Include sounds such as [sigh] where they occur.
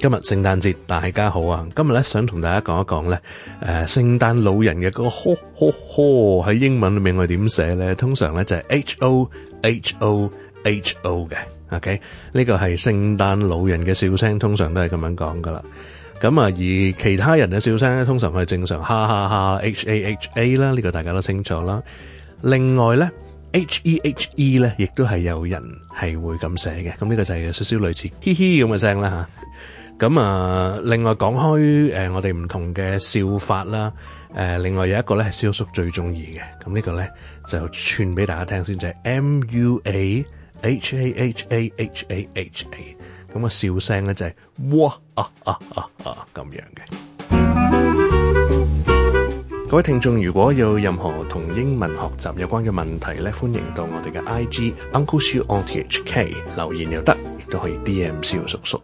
今日聖誕節，大家好啊！今日咧想同大家講一講咧，誒聖誕老人嘅嗰個呵呵呵喺英文裏面我哋點寫咧？通常咧就係 h o h o h o 嘅，OK？呢個係聖誕老人嘅笑聲，通常都係咁樣講噶啦。咁啊，而其他人嘅笑聲咧，通常係正常哈哈哈 h a h a 啦，呢個大家都清楚啦。另外咧 h e h e 咧，亦都係有人係會咁寫嘅。咁呢個就係有少少類似嘻嘻咁嘅聲啦嚇。咁啊，另外講開，誒，我哋唔同嘅笑法啦，誒，另外有一個咧，蕭叔最中意嘅，咁呢個咧就串俾大家聽先，就係、是、m u a h a h a h a h a，咁個笑聲咧就係、是、哇啊啊啊啊咁樣嘅。 [music] 各位聽眾如果有任何同英文學習有關嘅問題咧，歡迎到我哋嘅 I G Uncle Shu on T H K 留言又得，亦都可以 D M 蕭叔叔。